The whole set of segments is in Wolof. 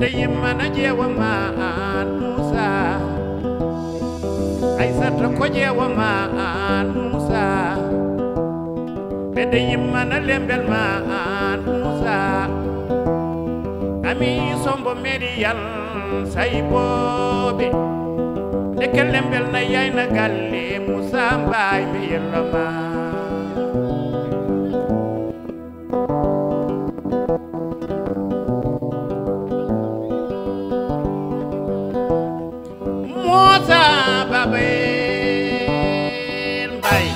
da yimmana ƴeewama an moussa aysata ko ƴeewama an moussa ɓeɗe yimmana lembel ma an moussa ami sombo meriyal sayboɓe deke lembel na yayna galle moussa mbay mi yelloma Sabel Mbaye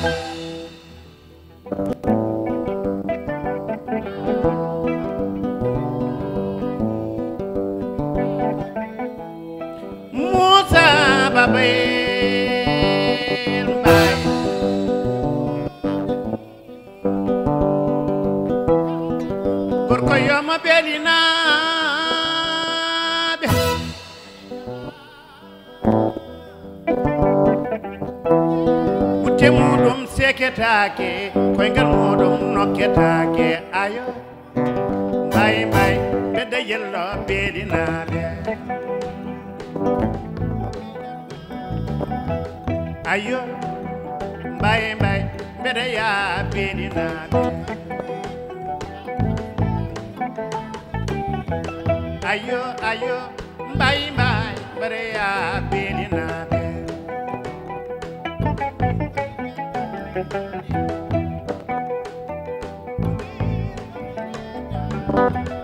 Moussa Babel Mbaye Gorko yo ma belina leketake koyngal muɗum nokketake ayo mbay mbay ɓedde yello beelinaɓe ayo mbay mbay mbeɗe ya beelinaɓe ayo ayo mbay mbay mbeɗe ya beelinaɓe Thank you.